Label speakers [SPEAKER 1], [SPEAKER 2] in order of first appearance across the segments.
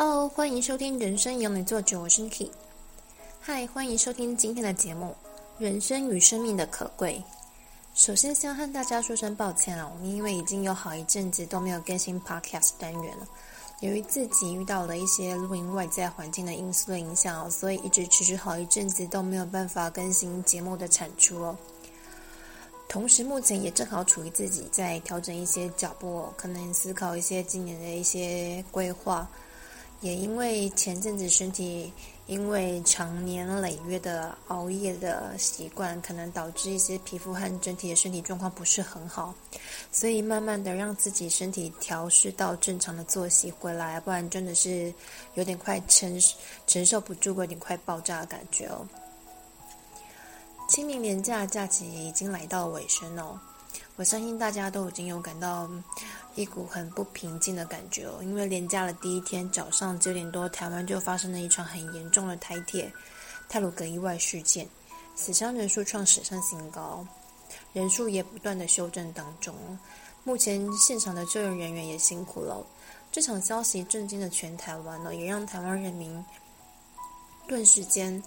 [SPEAKER 1] 哈嘍歡迎收聽《人生由你做主》，我是 Niki。嗨，歡迎收聽今天的節目《人生與生命的可貴》。首先，先和大家說聲抱歉哦，因為已經有好一陣子都沒有更新 Podcast 單元了。由於自己遇到了一些錄音外在環境的因素的影響哦，所以一直持續好一陣子都沒有辦法更新節目的產出哦。同時，目前也正好處於自己在調整一些腳步哦，可能思考一些今年的一些規劃。也因為前陣子身體因為長年累月的熬夜的習慣，可能導致一些皮膚和整體的身體狀況不是很好，所以慢慢的讓自己身體調適到正常的作息回來，不然真的是有點快承受、承受不住，有點快爆炸的感覺哦。清明連假假期已經來到了尾聲哦。我相信大家都已經有感到一股很不平靜的感覺了、哦，因為連假的第一天早上九點多，台灣就發生了一場很嚴重的台鐵太魯閣意外事件，死傷人數創史上新高，人數也不斷的修正當中。目前現場的救援人員也辛苦了，這場消息震驚了全台灣了，也讓台灣人民頓時間。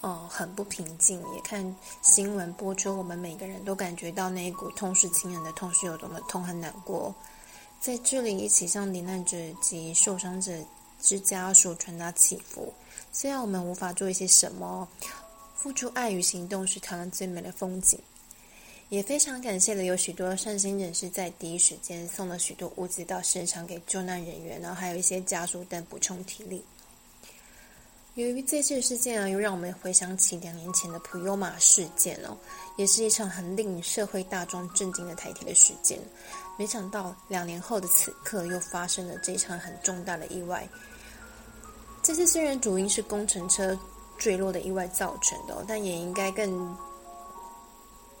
[SPEAKER 1] 哦，很不平靜。也看新聞播出，我們每個人都感覺到那一股痛失親人的痛是有多麼痛，很難過。在這裡，一起向罹難者及受傷者之家屬傳達祈福。雖然我們無法做一些什麼，付出愛與行動是台灣最美的風景。也非常感謝的有許多善心人士在第一時間送了許多物資到現場給救難人員，然後還有一些家屬等補充體力。由於這次事件啊，又讓我們回想起兩年前的普悠瑪事件哦，也是一場很令社會大眾震驚的台鐵的事件。沒想到兩年後的此刻，又發生了這一場很重大的意外。這次雖然主因是工程車墜落的意外造成的哦，但也應該更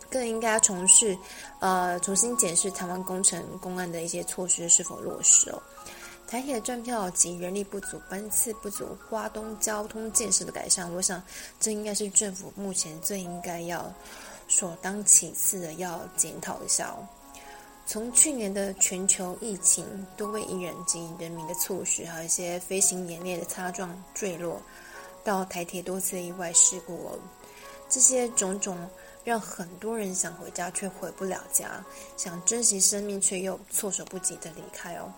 [SPEAKER 1] 更應該重視，呃，重新檢視臺灣工程公安的一些措施是否落實哦。台鐵的站票及人力不足，班次不足，花東交通建設的改善，我想這應該是政府目前最應該要所當其次的要檢討一下哦。從去年的全球疫情，多位藝人及人民的猝死，還有一些飛行演練的擦撞墜落，到台鐵多次意外事故哦，這些種種讓很多人想回家卻回不了家，想珍惜生命卻又措手不及的離開哦。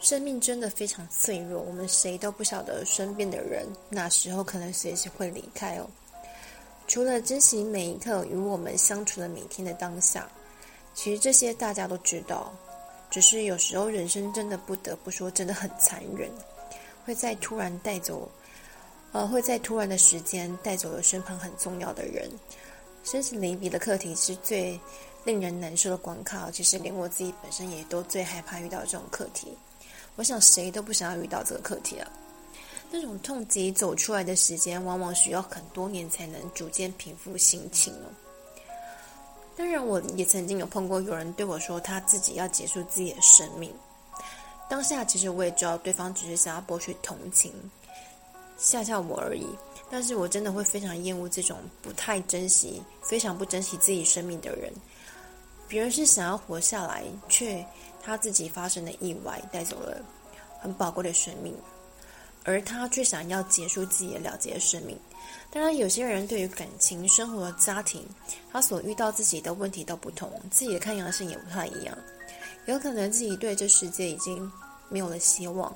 [SPEAKER 1] 生命真的非常脆弱，我們誰都不曉得身邊的人哪時候可能隨時會離開哦。除了珍惜每一刻與我們相處的每一天的當下，其實這些大家都知道，只是有時候人生真的不得不說真的很殘忍，會在突然帶走，呃，會在突然的時間帶走了身旁很重要的人。生死離別的課題是最令人難受的關卡，其實連我自己本身也都最害怕遇到這種課題。我想誰都不想要遇到這個課題了，啊。那種痛疾，走出來的時間，往往需要很多年才能逐漸平復心情呢，哦，當然，我也曾經有碰過有人對我說，他自己要結束自己的生命。當下其實我也知道對方只是想要博取同情，嚇嚇我而已。但是我真的會非常厭惡這種不太珍惜、非常不珍惜自己生命的人。別人是想要活下來，卻。他自己發生的意外帶走了很寶貴的生命，而他卻想要結束自己的了結生命。當然，有些人對於感情、生活和家庭，他所遇到自己的問題都不同，自己的抗壓性，也不太一樣。有可能自己對這世界已經沒有了希望，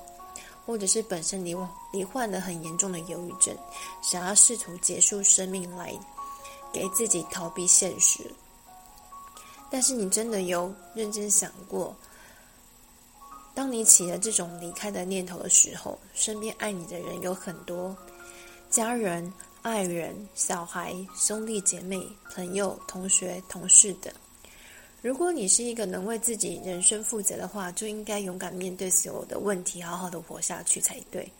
[SPEAKER 1] 或者是本身罹罹患了很嚴重的憂鬱症，想要試圖結束生命來給自己逃避現實。但是，你真的有認真想過？當你起了這種離開的念頭的時候，身邊愛你的人有很多，家人、愛人、小孩、兄弟姐妹、朋友、同學、同事等。如果你是一個能為自己人生負責的話，就應該勇敢面對所有的問題，好好的活下去才對。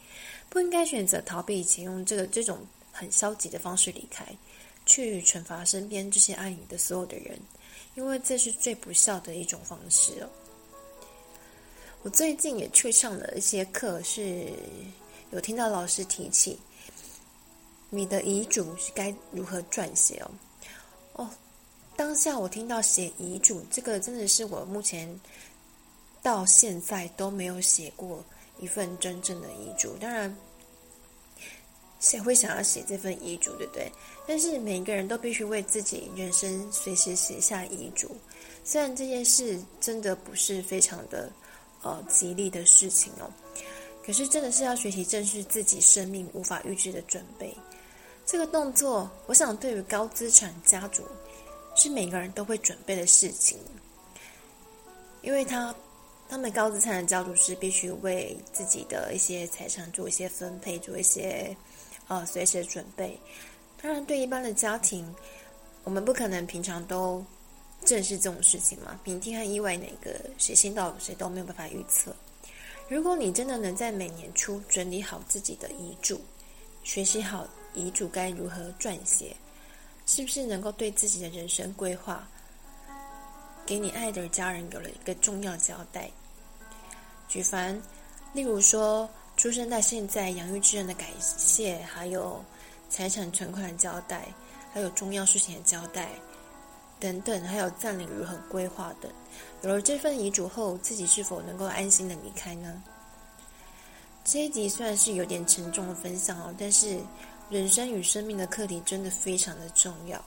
[SPEAKER 1] 不應該選擇逃避，以前用這個這種很消極的方式離開，去懲罰身邊這些愛你的所有的人，因為這是最不孝的一種方式哦。我最近也去上了一些課，是有聽到老師提起你的遺囑是該如何撰寫哦。哦，當下我聽到寫遺囑這個，真的是我目前到現在都沒有寫過一份真正的遺囑。當然，誰會想要寫這份遺囑，對不對？但是每一個人都必須為自己人生隨時寫下遺囑，雖然這件事真的不是非常的。呃，吉利的事情哦，可是真的是要學習正視自己生命無法預知的準備。這個動作，我想對於高資產家族是每個人都會準備的事情，因為他他們高資產的家族是必須為自己的一些財產做一些分配，做一些呃隨時的準備。當然，對一般的家庭，我們不可能平常都。正是這種事情嘛，明天和意外哪個誰先到誰，誰都沒有辦法預測。如果你真的能在每年初整理好自己的遺囑，學習好遺囑該如何撰寫，是不是能夠對自己的人生規劃，給你愛的家人有了一個重要交代？舉凡例如說出生到現在養育之恩的感謝，還有財產存款的交代，還有重要事情的交代。等等，還有葬禮如何規劃等，有了這份遺囑後，自己是否能夠安心的離開呢？這一集雖然是有點沉重的分享哦，但是人生與生命的課題真的非常的重要。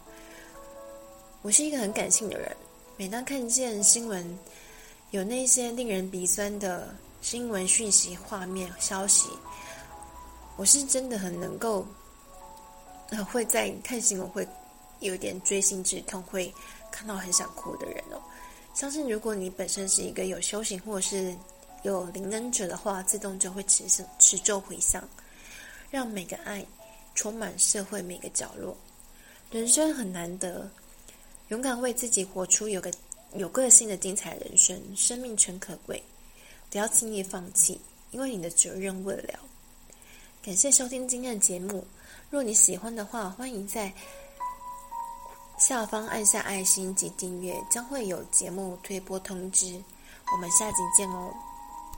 [SPEAKER 1] 我是一個很感性的人，每當看見新聞有那些令人鼻酸的新聞訊息、畫面、消息，我是真的很能夠、呃，會在看新聞會。有點錐心之痛，會看到很想哭的人哦。相信如果你本身是一個有修行或是有靈能者的話，自動就會持持咒回向，讓每個愛充滿社會每個角落。人生很難得，勇敢為自己活出有個有個性的精彩人生。生命誠可貴，不要輕易放棄，因為你的責任未了。感謝收聽今天的節目。若你喜歡的話，歡迎在。下方按下愛心及訂閱，將會有節目推播通知。我們下集見哦。